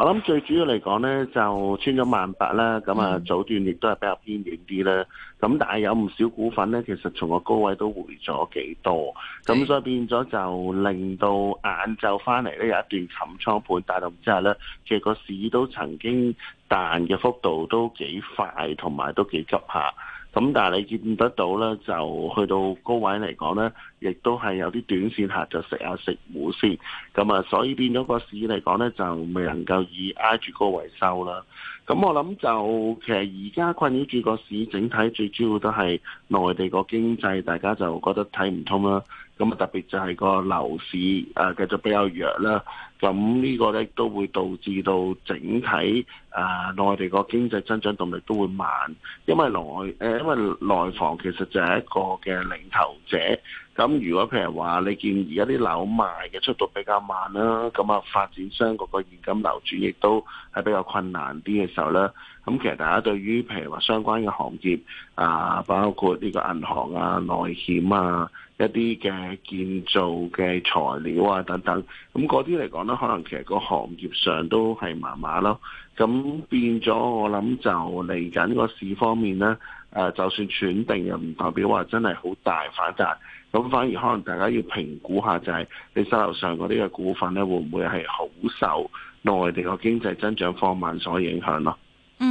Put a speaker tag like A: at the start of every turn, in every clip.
A: 我諗最主要嚟講咧，就穿咗萬八啦，咁啊早段亦都係比較偏遠啲啦。咁、嗯、但係有唔少股份咧，其實從個高位都回咗幾多，咁、嗯、所以變咗就令到晏晝返嚟咧有一段冚倉盤帶動之下咧，其實個市都曾經彈嘅幅度都幾快，同埋都幾急下。咁但係你見唔得到咧，就去到高位嚟講咧，亦都係有啲短線客就食下食糊先，咁啊，所以變咗個市嚟講咧，就未能夠以挨住高位收啦。咁我諗就其實而家困擾住個市整體最主要都係內地個經濟，大家就覺得睇唔通啦。咁啊特別就係個樓市誒繼續比較弱啦，咁呢個咧都會導致到整體誒內地個經濟增長動力都會慢，因為內誒，因為內房其實就係一個嘅領頭者。咁如果譬如話，你見而家啲樓賣嘅速度比較慢啦，啊，咁啊發展商嗰個現金流轉亦都係比較困難啲嘅時候咧，咁其實大家對於譬如話相關嘅行業啊，包括呢個銀行啊、內險啊、一啲嘅建造嘅材料啊等等，咁嗰啲嚟講咧，可能其實個行業上都係麻麻咯。咁變咗我諗就嚟緊個市方面咧。誒，就算斷定又唔代表話真係好大反彈，咁反而可能大家要評估下就係，你手頭上嗰啲嘅股份咧，會唔會係好受內地個經濟增長放慢所影響咯？嗯。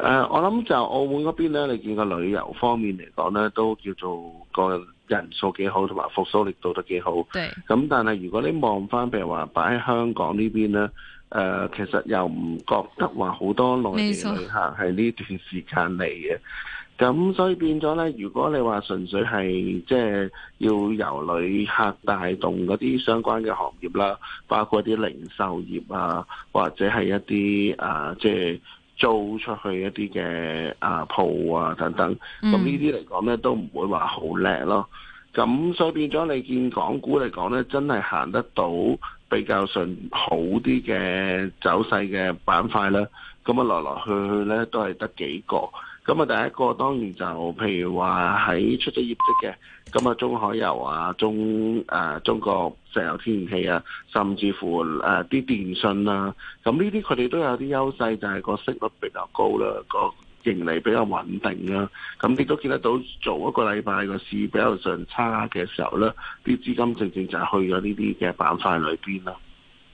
A: 誒，我諗就澳門嗰邊咧，你見個旅遊方面嚟講咧，都叫做個人數幾好，同埋復甦力度都幾好。對。咁但係如果你望翻，譬如話擺喺香港呢邊咧，誒，其實又唔覺得話好多內地旅客係呢段時間嚟嘅。咁所以變咗咧，如果你話純粹係即係要由旅客帶動嗰啲相關嘅行業啦，包括啲零售業啊，或者係一啲誒，即係。租出去一啲嘅啊鋪啊等等，咁呢啲嚟講咧都唔會話好叻咯。咁所以變咗你見港股嚟講咧，真係行得到比較順好啲嘅走勢嘅板塊咧，咁啊來來去去咧都係得幾個。咁啊，第一個當然就譬如話喺出咗業績嘅，咁啊中海油啊、中誒、呃、中國石油、天然氣啊，甚至乎誒啲、呃、電信啊，咁呢啲佢哋都有啲優勢，就係、是、個息率比較高啦，個盈利比較穩定啦、啊。咁你都見得到，做一個禮拜個市比較上差嘅時候咧，啲資金正正就係去咗呢啲嘅板塊裏邊啦。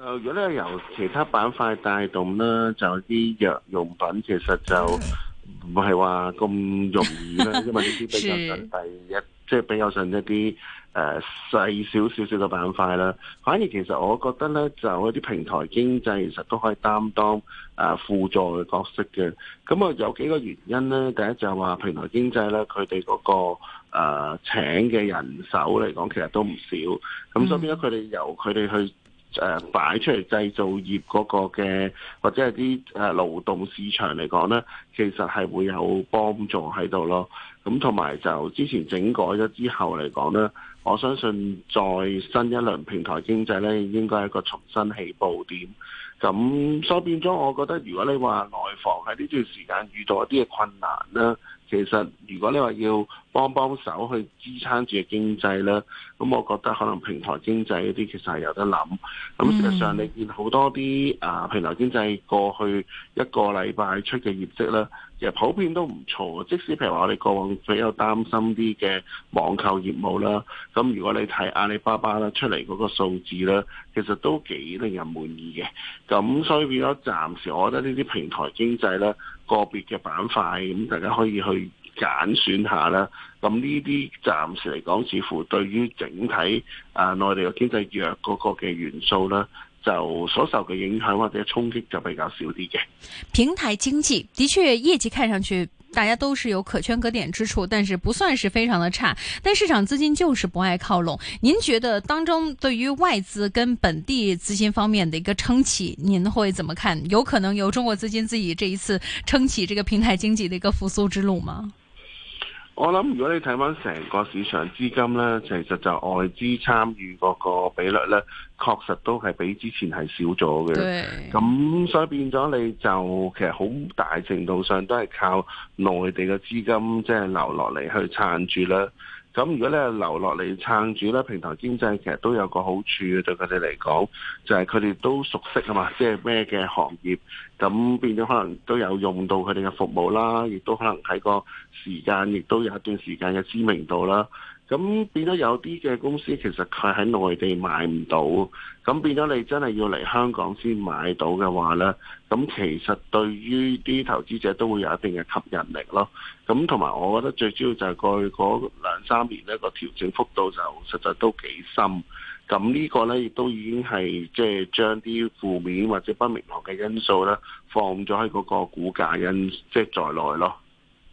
A: 誒、呃，如果咧由其他板塊帶動啦，就有啲藥用品其實就唔係話咁容易啦， 因為呢啲比較上第一，即 係比較上一啲誒細少少少嘅板塊啦。反而其實我覺得咧，就嗰啲平台經濟其實都可以擔當誒輔、呃、助嘅角色嘅。咁啊，有幾個原因咧，第一就係話平台經濟咧，佢哋嗰個誒、呃、請嘅人手嚟講，其實都唔少。咁所以咧，佢哋由佢哋去。嗯誒擺出嚟製造業嗰個嘅或者係啲誒勞動市場嚟講呢，其實係會有幫助喺度咯。咁同埋就之前整改咗之後嚟講呢，我相信再新一輪平台經濟呢，應該係一個重新起步點。咁所以變咗，我覺得如果你話內房喺呢段時間遇到一啲嘅困難呢，其實如果你話要，幫幫手去支撐住嘅經濟啦，咁我覺得可能平台經濟呢啲其實係有得諗。咁事實上你見好多啲啊，平台經濟過去一個禮拜出嘅業績啦，其實普遍都唔錯。即使譬如話我哋過往比較擔心啲嘅網購業務啦，咁如果你睇阿里巴巴啦出嚟嗰個數字啦，其實都幾令人滿意嘅。咁所以變咗暫時，我覺得呢啲平台經濟啦，個別嘅板塊咁，大家可以去揀選下啦。咁呢啲暫時嚟講，似乎對於整體啊內地嘅經濟弱嗰個嘅元素呢，就所受嘅影響或者衝擊就比較少啲
B: 嘅。平台經濟的確業績看上去，大家都是有可圈可點之處，但是不算是非常的差。但市場資金就是不愛靠攏。您覺得當中對於外資跟本地資金方面的一個撐起，您會怎麼看？有可能由中國資金自己這一次撐起這個平台經濟的一個復甦之路嗎？
A: 我諗如果你睇翻成個市場資金咧，其實就外資參與嗰個比率咧，確實都係比之前係少咗嘅。咁所以變咗你就其實好大程度上都係靠內地嘅資金即係流落嚟去撐住啦。咁如果你留落嚟撐住咧，平台經濟其實都有個好處嘅，對佢哋嚟講，就係佢哋都熟悉啊嘛，即係咩嘅行業，咁變咗可能都有用到佢哋嘅服務啦，亦都可能喺個時間，亦都有一段時間嘅知名度啦。咁變咗有啲嘅公司其實佢喺內地買唔到，咁變咗你真係要嚟香港先買到嘅話呢，咁其實對於啲投資者都會有一定嘅吸引力咯。咁同埋我覺得最主要就係過去嗰兩三年呢個調整幅度就實在都幾深。咁呢個呢，亦都已經係即係將啲負面或者不明確嘅因素呢放咗喺嗰個股價因即係在內咯。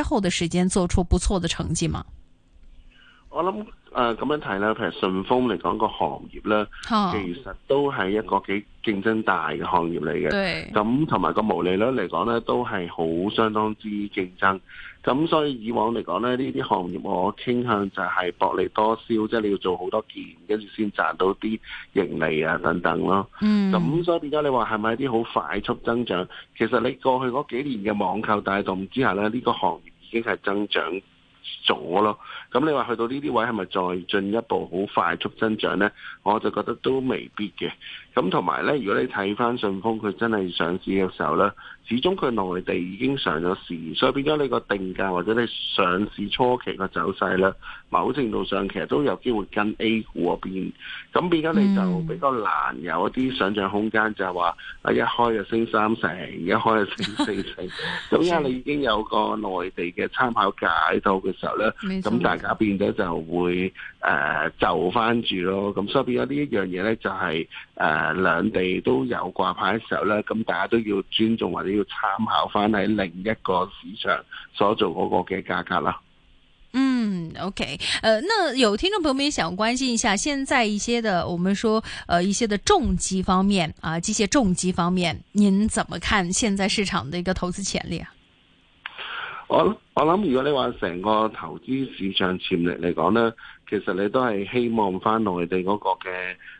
B: 之後嘅時間做出不錯的成績嘛。
A: 我諗誒咁樣睇咧，譬如順豐嚟講個行業咧，oh. 其實都係一個幾競爭大嘅行業嚟嘅。咁同埋個毛利率嚟講咧，都係好相當之競爭。咁所以以往嚟講咧，呢啲行業我傾向就係薄利多銷，即係你要做好多件，跟住先賺到啲盈利啊等等咯。咁、mm. 所以而家你話係咪啲好快速增長？其實你過去嗰幾年嘅網購帶動之下咧，呢個行業。已經係增長咗咯，咁你話去到呢啲位係咪再進一步好快速增長咧？我就覺得都未必嘅。咁同埋咧，如果你睇翻順豐，佢真係上市嘅時候咧，始終佢內地已經上咗市，所以變咗你個定價或者你上市初期個走勢咧，某程度上其實都有機會跟 A 股嗰邊。咁變咗你就比較難有一啲想像空間就，就係話啊一開就升三成，一開就升四成。咁因為你已經有個內地嘅參考價喺度嘅時候咧，咁大家變咗就會誒、呃、就翻住咯。咁所以變咗呢一樣嘢咧，就係、是、誒。呃誒兩地都有掛牌嘅時候呢，咁大家都要尊重或者要參考翻喺另一個市場所做嗰個嘅價格啦。
B: 嗯，OK，誒、呃，那有聽眾朋友們想關心一下，現在一些的，我們說，誒、呃，一些的重機方面啊，機械重機方面，您怎麼看現在市場嘅一個投資潛力啊？
A: 我我諗，如果你話成個投資市場潛力嚟講呢，其實你都係希望翻內地嗰個嘅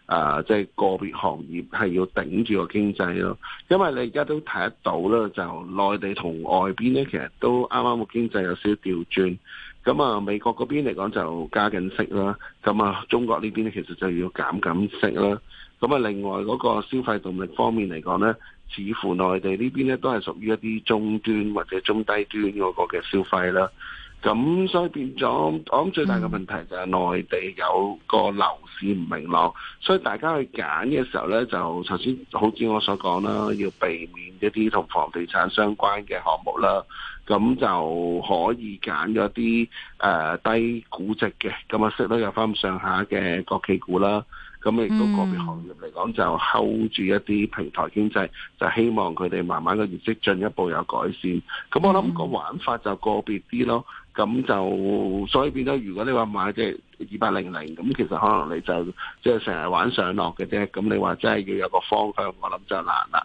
A: 啊，呃，即係個別行業係要頂住個經濟咯。因為你而家都睇得到啦，就內地同外邊呢，其實都啱啱個經濟有少少調轉。咁啊，美國嗰邊嚟講就加緊息啦。咁啊，中國呢邊呢，其實就要減緊息啦。咁啊，另外嗰個消費動力方面嚟講呢。似乎內地呢邊咧都係屬於一啲中端或者中低端嗰個嘅消費啦，咁所以變咗，我諗最大嘅問題就係內地有個樓市唔明朗，所以大家去揀嘅時候呢，就頭先好似我所講啦，要避免一啲同房地產相關嘅項目啦。咁就可以揀咗啲誒低估值嘅，咁啊識得有翻上下嘅國企股啦。咁亦都個別行業嚟講就 hold 住一啲平台經濟，就希望佢哋慢慢嘅業績進一步有改善。咁我諗個玩法就個別啲咯。咁就所以變咗，如果你話買即係二八零零，咁其實可能你就即係成日玩上落嘅啫。咁你話真係要有個方向，我諗就難啦。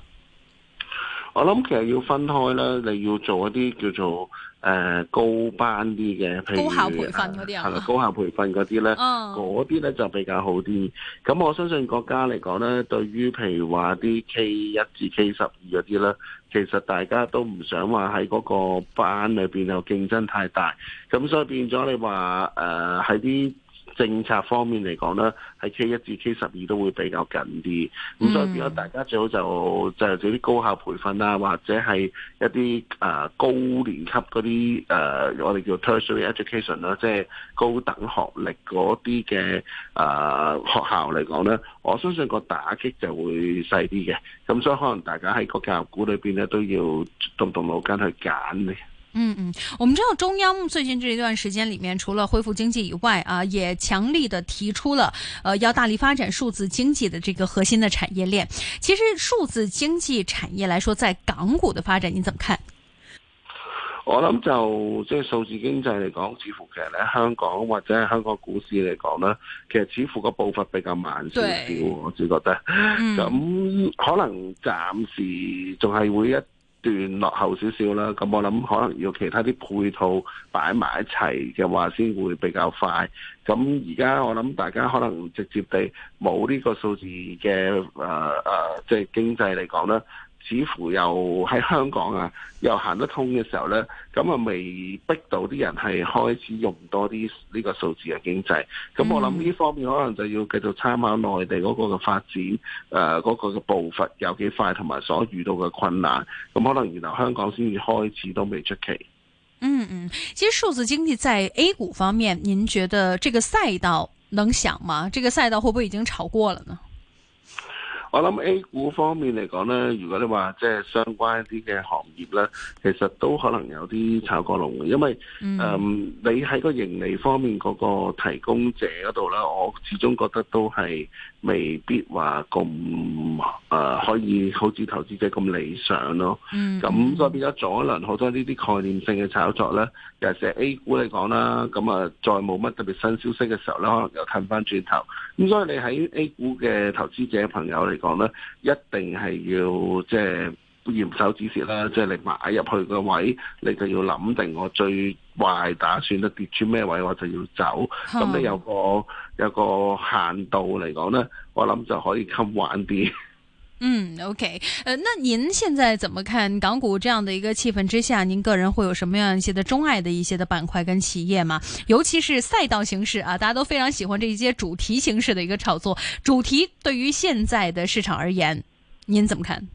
A: 我諗其實要分開啦，你要做一啲叫做誒、呃、高班啲嘅，譬如係咪？高校培訓嗰啲咧，嗰啲咧就比較好啲。咁我相信國家嚟講咧，對於譬如話啲 K 一至 K 十二嗰啲咧，其實大家都唔想話喺嗰個班裏邊有競爭太大，咁所以變咗你話誒喺啲。呃政策方面嚟講咧，喺 K 一至 K 十二都會比較緊啲。咁代表大家最好就就做啲高校培訓啦、啊，或者係一啲誒、呃、高年級嗰啲誒我哋叫 tertiary education 啦，即係高等學歷嗰啲嘅誒學校嚟講咧，我相信個打擊就會細啲嘅。咁所以可能大家喺個教育股裏邊咧，都要動動腦筋去揀嘅。
B: 嗯嗯，我們知道中央最近這一段時間裏面，除了恢復經濟以外，啊，也強力的提出了，呃，要大力發展數字經濟的這個核心的產業鏈。其實數字經濟產業來說，在港股的發展，你怎麼看？
A: 我諗就即係、就是、數字經濟嚟講，似乎其實咧香港或者香港股市嚟講咧，其實似乎個步伐比較慢少少，我自己覺得，咁、嗯、可能暫時仲係會一。段落後少少啦，咁我諗可能要其他啲配套擺埋一齊嘅話，先會比較快。咁而家我諗大家可能直接地冇呢個數字嘅，呃呃，即係經濟嚟講啦。似乎又喺香港啊，又行得通嘅時候咧，咁啊，未逼到啲人係開始用多啲呢個數字嘅經濟，咁我諗呢方面可能就要繼續參考內地嗰個嘅發展，誒、嗯、嗰、呃嗰個嘅步伐有幾快，同埋所遇到嘅困難，咁可能原來香港先至開始都未出奇。
B: 嗯嗯，其實數字經濟在 A 股方面，您覺得這個賽道能想嗎？這個賽道會，不會已經炒過了呢？
A: 我諗 A 股方面嚟講咧，如果你話即係相關一啲嘅行業咧，其實都可能有啲炒過龍嘅，因為嗯、呃、你喺個盈利方面嗰個提供者嗰度咧，我始終覺得都係。未必話咁誒，可以好似投資者咁理想咯。咁再變咗左輪，好多呢啲概念性嘅炒作咧，尤其係 A 股嚟講啦，咁啊再冇乜特別新消息嘅時候咧，可能又褪翻轉頭。咁所以你喺 A 股嘅投資者朋友嚟講咧，一定係要即係嚴守止蝕啦，即係你買入去個位，你就要諗定我最，話打算都跌穿咩位我就要走，咁、啊、咧有個有個限度嚟講呢，我諗就可以襟玩啲。
B: 嗯，OK，誒，那您現在怎麼看港股這樣的一個氣氛之下，您個人會有什麼樣一些的鍾愛的一些的板塊跟企業嗎？尤其是賽道形式啊，大家都非常喜歡這一些主題形式的一個炒作。主題對於現在的市場而言，您怎麼看？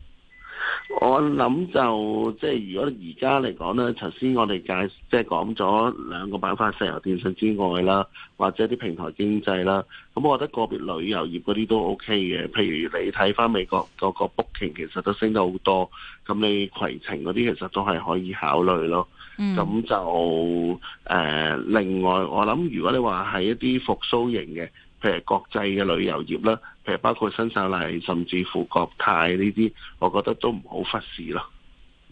A: 我諗就即係如果而家嚟講呢，頭先我哋介即係講咗兩個板塊，石油、電信之外啦，或者啲平台經濟啦，咁我覺得個別旅遊業嗰啲都 OK 嘅。譬如你睇翻美國嗰個 Booking，其實都升得好多。咁你攜程嗰啲其實都係可以考慮咯。咁就誒、呃，另外我諗，如果你話係一啲復甦型嘅。誒，國際嘅旅遊業啦，誒，包括新秀麗甚至乎國泰呢啲，我覺得都唔好忽視咯。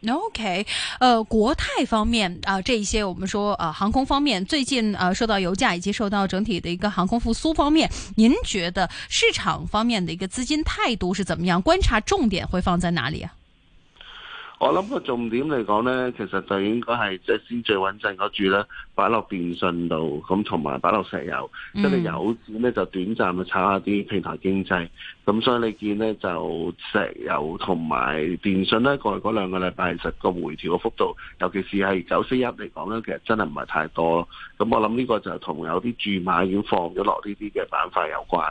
B: Okay，誒，國泰方面啊，這一些我們說啊，航空方面最近啊受到油價以及受到整體的一個航空復蘇方面，您覺得市場方面的一個資金態度是怎麼樣？觀察重點會放在哪裏啊？
A: 我諗個重點嚟講咧，其實就應該係即先最穩陣嗰注咧，擺落電信度，咁同埋擺落石油，即、嗯、係有錢咧就短暫去炒下啲平台經濟。咁所以你見咧就石油同埋電信咧過去嗰兩個禮拜，其實個回調嘅幅度，尤其是係九四一嚟講咧，其實真係唔係太多。咁我諗呢個就同有啲注碼已經放咗落呢啲嘅板塊有關。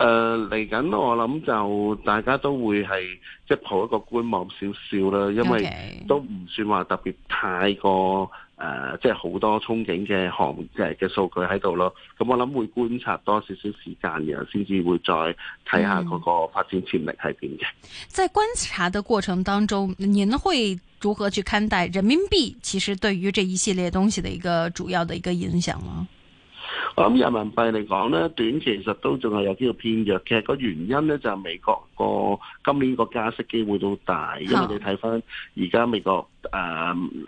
A: 誒嚟緊，我諗就大家都會係即係抱一個觀望少少啦，因為都唔算話特別太過誒、呃，即係好多憧憬嘅行嘅數據喺度咯。咁我諗會觀察多少少時間，然後先至會再睇下嗰個發展潛力係點嘅。
B: 在觀察的過程當中，您會如何去看待人民幣？其實對於這一系列東西的一個主要的一個影響呢？
A: 咁人民幣嚟講咧，短期其實都仲係有幾個偏弱，其實個原因咧就係美國。個今年個加息機會都大，因為你睇翻而家美國誒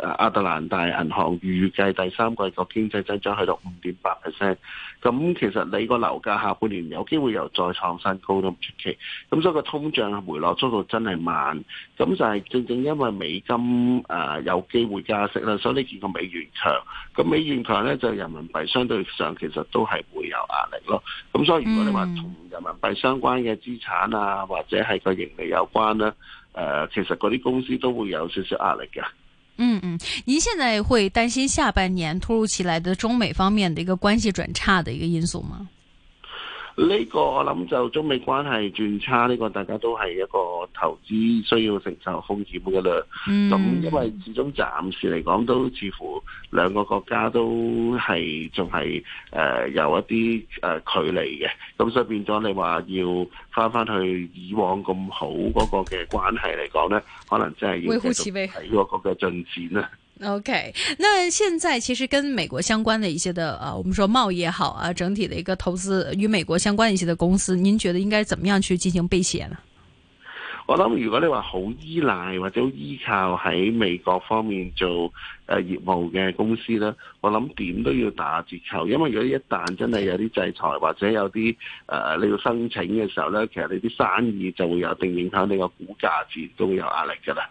A: 亞特蘭大銀行預計第三季個經濟增長去到五點八 percent，咁其實你個樓價下半年有機會又再創新高都唔出奇，咁所以個通脹回落速度真係慢，咁就係正正因為美金誒、啊、有機會加息啦，所以你見個美元強，咁美元強咧就人民幣相對上其實都係會有壓力咯，咁所以如果你話同、嗯。人民幣相關嘅資產啊，或者係個盈利有關啦、啊。誒、呃，其實嗰啲公司都會有少少壓力嘅。嗯
B: 嗯，您現在會擔心下半年突如其來的中美方面的一個關係轉差嘅一個因素嗎？
A: 呢、這個我諗就中美關係轉差，呢、這個大家都係一個投資需要承受風險嘅啦。咁、嗯、因為始終暫時嚟講，都似乎兩個國家都係仲係誒有一啲誒、呃、距離嘅，咁所以變咗你話要翻翻去以往咁好嗰個嘅關係嚟講呢，可能真係要睇嗰個嘅進展啦。
B: OK，那現在其實跟美國相關的一些的，啊，我們說貿易也好啊，整體的一個投資與美國相關一些的公司，您覺得應該怎麼樣去進行避險呢？
A: 我諗如果你話好依賴或者依靠喺美國方面做誒、呃、業務嘅公司咧，我諗點都要打折扣，因為如果一旦真係有啲制裁或者有啲誒、呃、你要申請嘅時候咧，其實你啲生意就會有定影響，你個股價自然都會有壓力噶啦。